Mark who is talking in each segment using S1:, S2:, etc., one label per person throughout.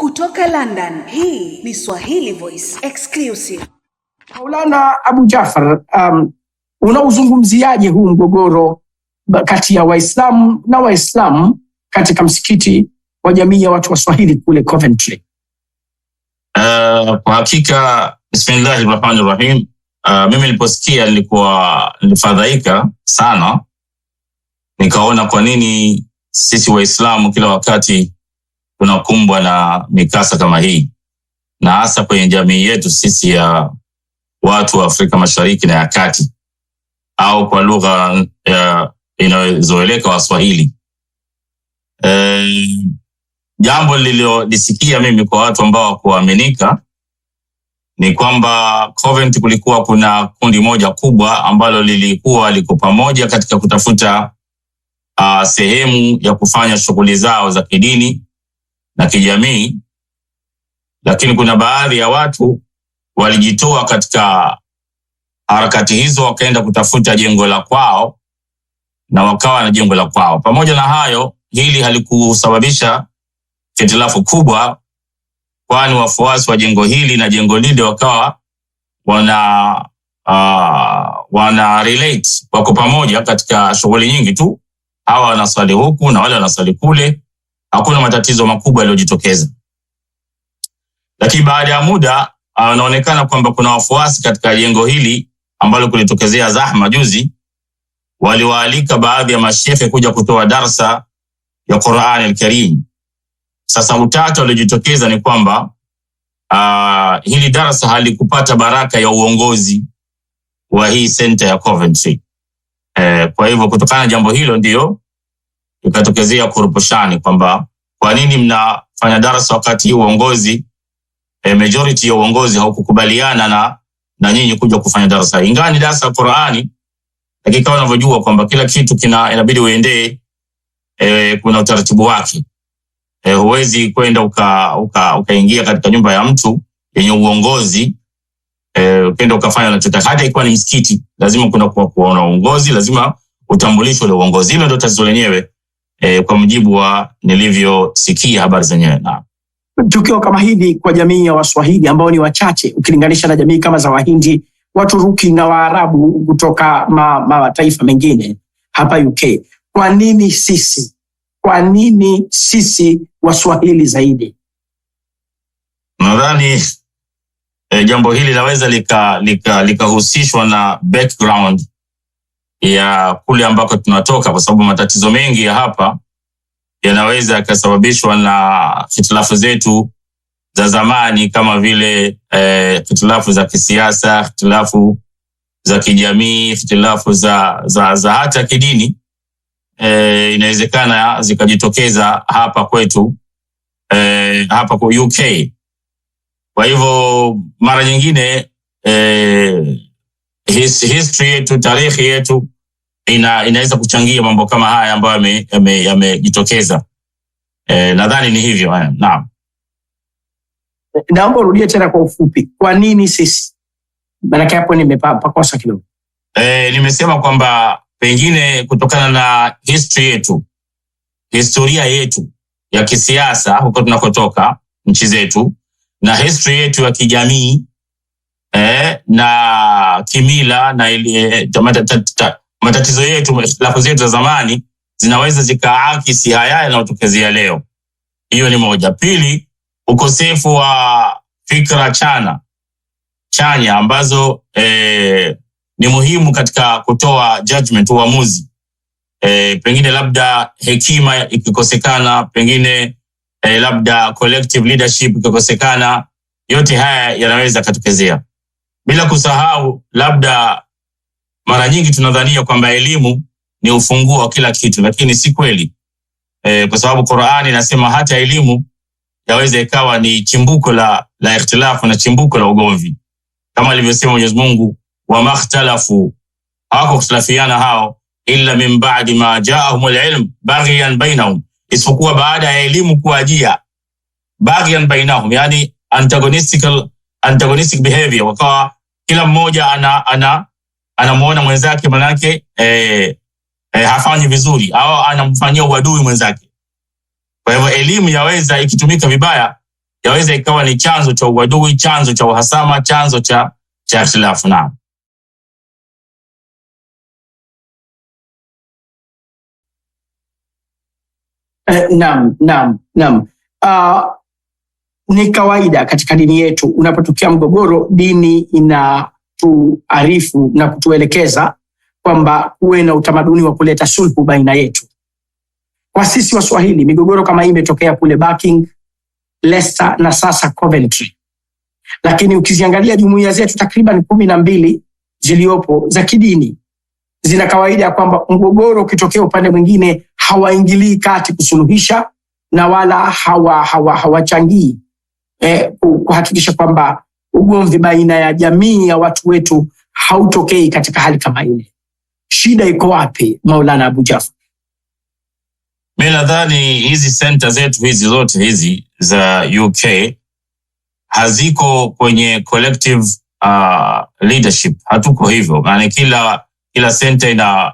S1: Kutoka London, hii ni Swahili Voice Exclusive.
S2: Maulana Abu Jafar, um, unauzungumziaje huu mgogoro kati ya Waislamu na Waislamu katika msikiti wa jamii ya watu wa Swahili kule Coventry?
S3: Uh, kwa hakika, bismillahi rahmani rahim. Uh, mimi niliposikia nilikuwa nilifadhaika sana, nikaona kwa nini sisi Waislamu kila wakati tunakumbwa na mikasa kama hii, na hasa kwenye jamii yetu sisi ya watu wa Afrika Mashariki na ya Kati, au kwa lugha inayozoeleka Waswahili. E, jambo lililolisikia mimi kwa watu ambao hawakuaminika ni kwamba Covent kulikuwa kuna kundi moja kubwa ambalo lilikuwa liko pamoja katika kutafuta uh, sehemu ya kufanya shughuli zao za kidini na kijamii, lakini kuna baadhi ya watu walijitoa katika harakati hizo, wakaenda kutafuta jengo la kwao na wakawa na jengo la kwao. Pamoja na hayo, hili halikusababisha hitilafu kubwa, kwani wafuasi wa jengo hili na jengo lile wakawa wana uh, wana relate, wako pamoja katika shughuli nyingi tu. Hawa wanaswali huku na wale wanaswali kule, hakuna matatizo makubwa yaliyojitokeza. Lakini baada ya muda anaonekana ah, kwamba kuna wafuasi katika jengo hili ambalo kulitokezea zahma juzi, waliwaalika baadhi ya mashehe kuja kutoa darsa ya Qur'an al-Karim. Sasa utata uliojitokeza ni kwamba uh, hili darasa halikupata baraka ya uongozi wa hii center ya Coventry. Eh, kwa hivyo kutokana na jambo hilo ndiyo ikatokezea kurupushani kwamba kwa nini mnafanya darasa wakati hii uongozi e, majority ya uongozi haukukubaliana na, na nyinyi kuja kufanya darasa, ingani darasa la Qur'ani, lakini kama unavyojua kwamba kila kitu kina inabidi uendee, e, eh, kuna utaratibu wake. E, huwezi kwenda ukaingia uka, uka katika nyumba ya mtu yenye uongozi e, ukenda ukafanya unachotaka, hata ikiwa ni msikiti, lazima kuna kuwa kuona uongozi, lazima utambulisho ule uongozi. Hilo ndio tatizo lenyewe eh, kwa mujibu wa nilivyosikia habari zenyewe. Na
S2: tukio kama hili kwa jamii ya Waswahili ambao ni wachache ukilinganisha na jamii kama za Wahindi, Waturuki na Waarabu kutoka mataifa ma mengine hapa UK, kwa nini sisi? Kwa nini sisi Waswahili zaidi?
S3: Nadhani e, jambo hili laweza likahusishwa lika, lika na background ya kule ambako tunatoka, kwa sababu matatizo mengi ya hapa yanaweza yakasababishwa na hitilafu zetu za zamani kama vile eh, hitilafu za kisiasa, hitilafu za kijamii, hitilafu za, za, za hata kidini eh, inawezekana zikajitokeza hapa kwetu eh, hapa kwa UK. Kwa hivyo mara nyingine eh, his, history yetu, tarehe yetu ina, inaweza kuchangia mambo kama haya ambayo yamejitokeza. E, nadhani ni hivyo. Naam,
S2: naomba urudie tena kwa ufupi, kwa nini sisi? Maanake hapo nimepakosa kidogo.
S3: E, nimesema kwamba pengine kutokana na history yetu, historia yetu ya kisiasa huko tunakotoka nchi zetu na history yetu ya kijamii eh, na kimila na ili, eh, eh, matatizo yetu, lafu zetu za zamani zinaweza zikaakisi haya yanayotokezea leo. Hiyo ni moja. Pili, ukosefu wa fikra chana chanya ambazo eh, ni muhimu katika kutoa judgment, uamuzi. E, pengine labda hekima ikikosekana, pengine e, labda collective leadership ikikosekana, yote haya yanaweza katokezea bila kusahau labda mara nyingi tunadhania kwamba elimu ni ufunguo wa kila kitu, lakini si kweli e, kwa sababu Qur'ani inasema hata elimu yaweza ikawa ni chimbuko la, la ikhtilafu na chimbuko la ugomvi, kama alivyosema Mwenyezi Mungu, wamakhtalafu, hawakukhtilafiana hao illa min ba'di ma ja'ahum al-ilm baghyan bainahum, isipokuwa baada ya elimu kuajia. Baghyan bainahum, yani antagonistical antagonistic behavior, wakawa kila mmoja ana ana anamuona mwenzake manake eh, eh, hafanyi vizuri au anamfanyia uadui mwenzake. Kwa hivyo elimu yaweza ikitumika vibaya, yaweza ikawa ni chanzo cha uadui, chanzo cha uhasama, chanzo cha cha ikhtilafu. Naam.
S2: Eh, naam, naam, naam. Uh, ni kawaida katika dini yetu, unapotokea mgogoro, dini inatuarifu na kutuelekeza kwamba kuwe na utamaduni wa kuleta sulhu baina yetu. Kwa sisi Waswahili, migogoro kama hii imetokea kule Barking, Leicester na sasa Coventry, lakini ukiziangalia jumuiya zetu takriban kumi na mbili ziliyopo za kidini zina kawaida ya kwamba mgogoro ukitokea upande mwingine hawaingilii kati kusuluhisha na wala hawachangii hawa, hawa eh, kuhakikisha kwamba ugomvi baina ya jamii ya watu wetu hautokei katika hali kama ile. Shida iko wapi, Maulana Abu Jafar?
S3: Mi nadhani hizi senta zetu hizi zote hizi za UK haziko kwenye collective uh, leadership. Hatuko hivyo, maana kila kila senta ina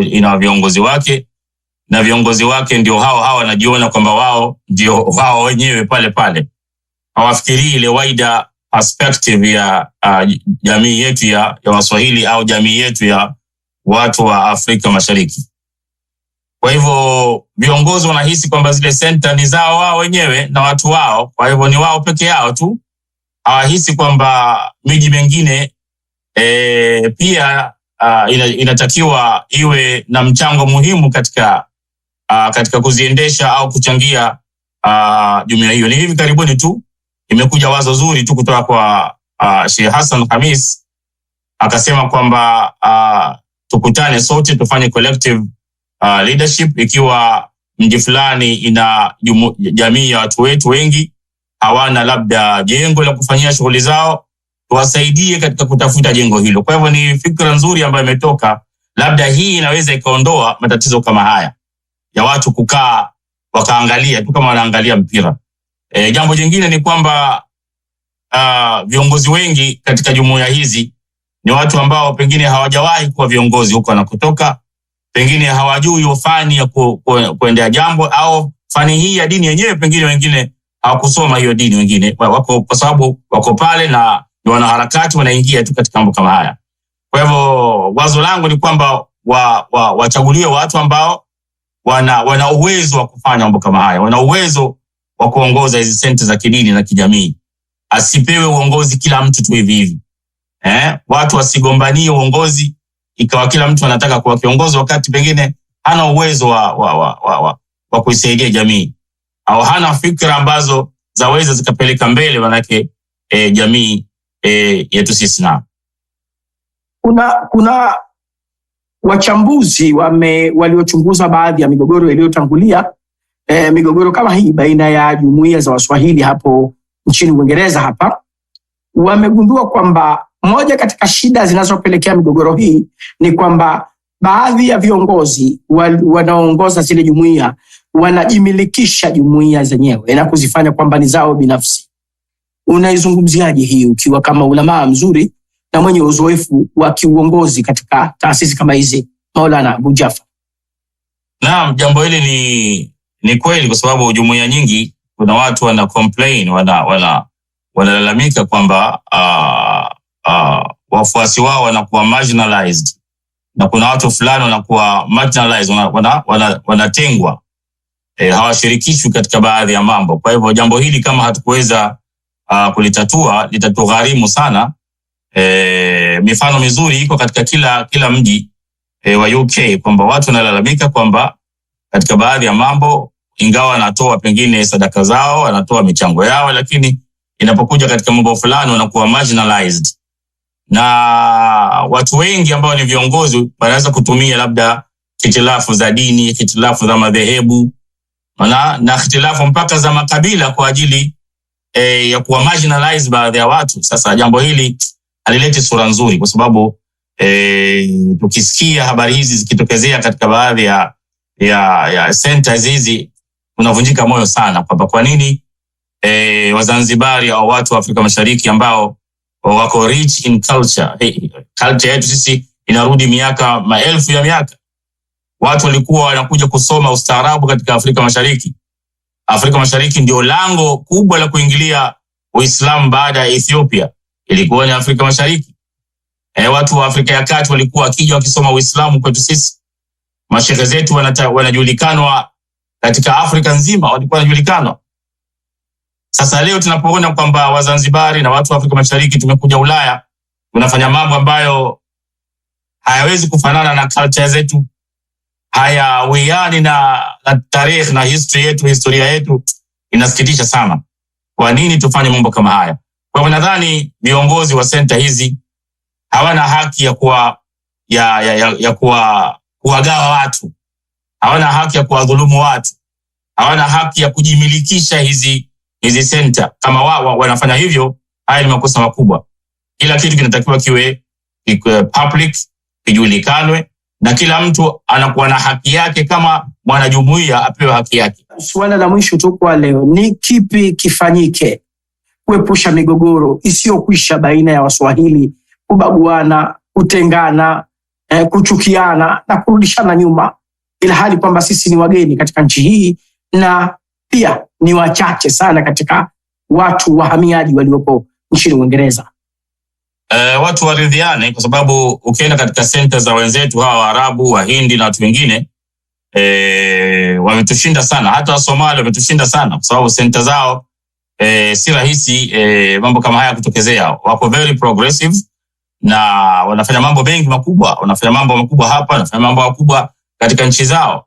S3: ina viongozi wake na viongozi wake ndio hao hao wanajiona kwamba wao ndio wao wenyewe pale pale hawafikirii ile wider perspective ya uh, jamii yetu ya, ya Waswahili au jamii yetu ya watu wa Afrika Mashariki. Kwa hivyo viongozi wanahisi kwamba zile senta ni zao wao wenyewe na watu wao, kwa hivyo ni wao peke yao tu, hawahisi kwamba miji mingine e, pia uh, inatakiwa iwe na mchango muhimu katika uh, katika kuziendesha au kuchangia uh, jumuiya hiyo. Ni hivi karibuni tu imekuja wazo zuri tu kutoka kwa uh, Sheikh Hassan Khamis akasema kwamba uh, tukutane sote tufanye collective uh, leadership ikiwa mji fulani ina jamii ya watu wetu wengi hawana labda jengo la kufanyia shughuli zao, tuwasaidie katika kutafuta jengo hilo. Kwa hivyo ni fikra nzuri ambayo imetoka, labda hii inaweza ikaondoa matatizo kama haya ya watu kukaa wakaangalia tu kama wanaangalia mpira. E, jambo jingine ni kwamba uh, viongozi wengi katika jumuiya hizi ni watu ambao pengine hawajawahi kuwa viongozi huko wanakotoka, pengine hawajui ufani ya ku, ku, kuendea jambo au fani hii ya dini yenyewe, pengine wengine hawakusoma hiyo dini, wengine wako kwa sababu wako pale na ni wanaharakati, wanaingia tu katika mambo kama haya. Kwa hivyo wazo langu ni kwamba wa, wa, wachaguliwe watu ambao wana wana uwezo wa kufanya mambo kama haya, wana uwezo wa kuongoza hizi senta za kidini na kijamii. Asipewe uongozi kila mtu tu hivi hivi, eh? Watu wasigombanie uongozi ikawa kila mtu anataka kuwa kiongozi wakati pengine hana uwezo wa, wa, wa, wa, wa, wa kuisaidia jamii au hana fikra ambazo zaweza zikapeleka mbele manake e, jamii e, yetu sisi. Na
S2: kuna kuna wachambuzi wame waliochunguza baadhi ya migogoro iliyotangulia e, migogoro kama hii baina ya jumuiya za Waswahili hapo nchini Uingereza hapa, wamegundua kwamba moja katika shida zinazopelekea migogoro hii ni kwamba baadhi ya viongozi wanaoongoza zile jumuiya wanajimilikisha jumuiya zenyewe na kuzifanya kwamba ni zao binafsi. Unaizungumziaje hii ukiwa kama ulamaa mzuri na mwenye uzoefu wa kiuongozi katika taasisi kama hizi, Maulana Abu Jafar?
S3: Naam, jambo hili ni ni kweli, kwa sababu jumuiya nyingi kuna watu wana complain, wana wana wanalalamika kwamba uh, uh, wafuasi wao wanakuwa marginalized na kuna watu fulani wanakuwa marginalized, wanatengwa wana, wana, wana e, hawashirikishwi katika baadhi ya mambo. Kwa hivyo jambo hili kama hatukuweza uh, kulitatua litatugharimu sana. E, mifano mizuri iko katika kila kila mji e, wa UK kwamba watu wanalalamika kwamba katika baadhi ya mambo ingawa wanatoa pengine sadaka zao, wanatoa michango yao, lakini inapokuja katika mambo fulani wanakuwa marginalized, na watu wengi ambao ni viongozi wanaweza kutumia labda hitilafu za dini, hitilafu za madhehebu na, na hitilafu mpaka za makabila kwa ajili e, ya kuwa marginalize baadhi ya watu. Sasa jambo hili halileti sura nzuri, kwa sababu e, tukisikia habari hizi zikitokezea katika baadhi ya ya, ya centers hizi unavunjika moyo sana kwamba kwa nini e, Wazanzibari au watu wa Afrika Mashariki ambao wako rich in culture. Hey, culture yetu sisi inarudi miaka maelfu ya miaka. Watu walikuwa wanakuja kusoma ustaarabu katika Afrika Mashariki. Afrika Mashariki ndio lango kubwa la kuingilia Uislamu baada ya Ethiopia, ilikuwa ni Afrika Mashariki. E, watu wa Afrika ya Kati walikuwa wakija wakisoma Uislamu kwetu sisi. Mashehe zetu wanajulikanwa katika Afrika nzima walikuwa wanajulikana. Sasa leo tunapoona kwamba Wazanzibari na watu wa Afrika Mashariki tumekuja Ulaya, tunafanya mambo ambayo hayawezi kufanana na culture zetu, hayawiani na, na tarehe na history yetu, historia yetu. Inasikitisha sana. Kwa nini tufanye mambo kama haya? Kwa hivyo nadhani viongozi wa senta hizi hawana haki ya kuwa ya, ya, ya, ya kuwa kuwagawa watu, hawana haki ya kuwadhulumu watu hawana haki ya kujimilikisha hizi hizi senta. Kama wao wanafanya hivyo, haya ni makosa makubwa. Kila kitu kinatakiwa kiwe public, kijulikanwe na kila mtu anakuwa na haki yake, kama mwanajumuiya apewe haki yake.
S2: Suala la mwisho tu kwa leo ni kipi kifanyike kuepusha migogoro isiyokwisha baina ya Waswahili, kubaguana, kutengana, eh, kuchukiana na kurudishana nyuma, ila hali kwamba sisi ni wageni katika nchi hii na pia ni wachache sana katika watu wahamiaji walioko nchini Uingereza.
S3: Uh, watu waridhiane, kwa sababu ukienda katika senta za wenzetu hawa Waarabu, Wahindi na watu wengine eh, wametushinda sana, hata Wasomali wametushinda sana, kwa sababu senta zao e, si rahisi e, mambo kama haya kutokezea. Wako very progressive na wanafanya mambo mengi makubwa, wanafanya mambo makubwa hapa, wanafanya mambo makubwa katika nchi zao.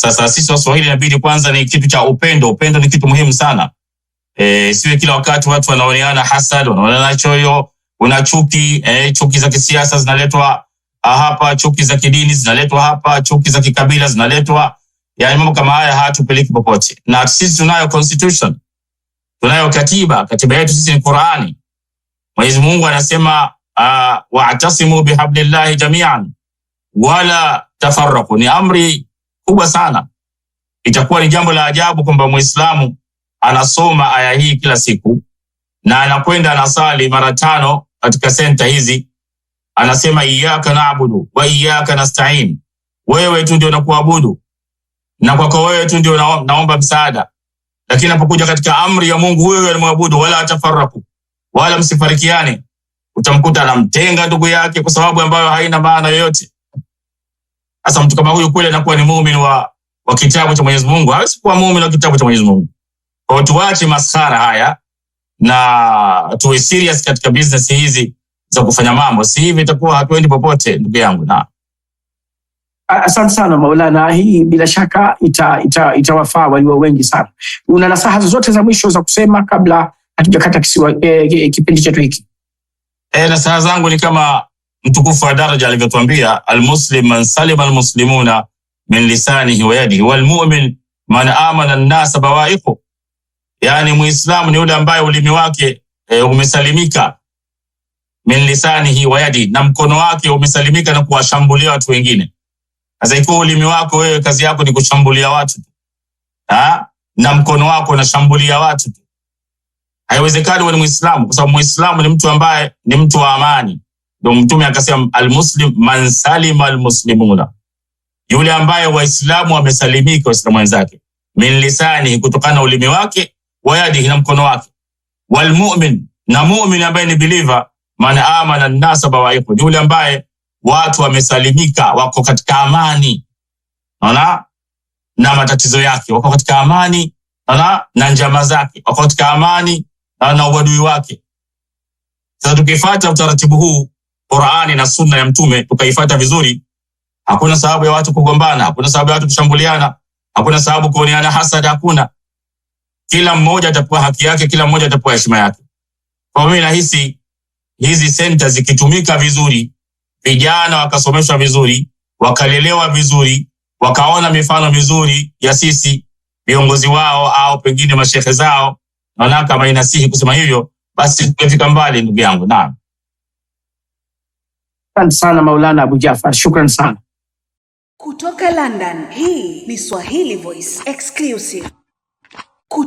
S3: Sasa sisi Waswahili inabidi kwanza, ni kitu cha upendo. Upendo ni kitu muhimu sana e, siwe kila wakati watu wanaoneana hasad, wanaoneana choyo, una chuki e, chuki za kisiasa zinaletwa ah, hapa, chuki za kidini zinaletwa hapa, chuki za kikabila zinaletwa. Yani mambo kama haya hatupeleki popote, na sisi tunayo constitution, tunayo katiba. Katiba yetu sisi ni Qurani. Mwenyezi Mungu anasema uh, ah, waatasimu bihablillahi jamian wala tafarraqu, ni amri kubwa sana. Itakuwa ni jambo la ajabu kwamba Muislamu anasoma aya hii kila siku na anakwenda anasali mara tano katika senta hizi, anasema iyyaka na'budu wa iyyaka nasta'in, wewe tu ndio nakuabudu na kwako wewe tu ndio naomba msaada. Lakini anapokuja katika amri ya Mungu, wewe anamwabudu wala atafaraku, wala msifarikiane, utamkuta anamtenga ndugu yake kwa sababu ambayo haina maana yoyote. Sasa mtu kama huyu kweli anakuwa ni muumini wa, wa kitabu cha Mwenyezi Mungu? Hawezi kuwa muumini wa kitabu cha Mwenyezi Mungu. Kwa hiyo tuache masara haya na tuwe serious katika business hizi za kufanya mambo, si hivi itakuwa hatuendi popote, ndugu yangu. Na
S2: asante sana Maulana, hii bila shaka itawafaa ita, ita walio wengi sana. Una nasaha zozote za mwisho za kusema kabla hatujakata kisiwa, eh, eh kipindi chetu hiki?
S3: Eh, nasaha zangu ni kama mtukufu wa daraja alivyotuambia, almuslim man salima almuslimuna min lisanihi wa yadihi walmumin man amana nnasa bawaiqu, yani muislamu ni yule ambaye ulimi wake e, umesalimika min lisanihi wa yadihi, na mkono wake umesalimika na kuwashambulia watu wengine. Sasa ikiwa ulimi wako wewe kazi yako ni kushambulia watu ha? na mkono wako unashambulia watu haiwezekani wewe ni Muislamu, kwa sababu Muislamu ni mtu ambaye ni mtu wa amani ndio Mtume akasema almuslim man salima almuslimuna, yule ambaye Waislamu wamesalimika Waislamu wenzake, min lisani, kutokana na ulimi wake, wa yadi na mkono wake, walmumin, na mumin ambaye ni believer, man amana nnasa bawaiqu, yule ambaye watu wamesalimika, wako katika amani, naona na matatizo yake, wako katika amani, naona na njama zake, wako katika amani na uadui wake. Sasa tukifuata utaratibu huu Qur'ani na sunna ya Mtume tukaifuata vizuri, hakuna sababu ya watu kugombana, hakuna sababu ya watu kushambuliana, hakuna sababu kuoneana hasada, hakuna. Kila mmoja atapewa haki yake, kila mmoja atapewa heshima yake. Kwa mimi nahisi hizi senta zikitumika vizuri, vijana wakasomeshwa vizuri, wakalelewa vizuri, wakaona mifano mizuri ya sisi viongozi wao au pengine mashehe zao, naona kama inasihi kusema hivyo, basi tumefika mbali, ndugu yangu. Naam.
S2: Asante sana Maulana Abu Jafar, shukran sana
S1: kutoka London. Hii ni Swahili Voice Exclusive.